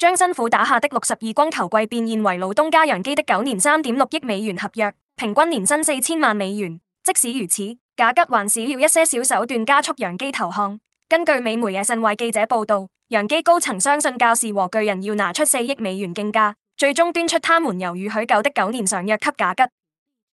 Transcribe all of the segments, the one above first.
將辛苦打下的六十二光球季變現為老東家洋基的九年三點六億美元合約，平均年薪四千萬美元。即使如此，賈吉還是要一些小手段加速洋基投降。根據美媒野信為記者報道，洋基高層相信教士和巨人要拿出四億美元競價，最終端出他們猶豫許久的九年長約給賈吉。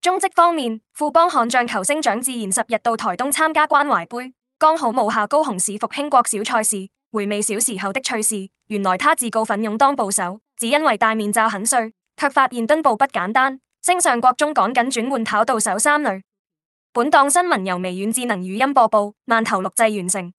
中職方面，富邦悍將球星蔣智賢十日到台東參加關懷杯，剛好無下高雄市復興國小賽事。回味小時候的趣事，原來他自告奮勇當捕手，只因為戴面罩很帥，卻發現蹲步不簡單。升上國中趕緊轉換跑道，守三壘。本檔新聞由微軟智能語音播報，饅頭錄製完成。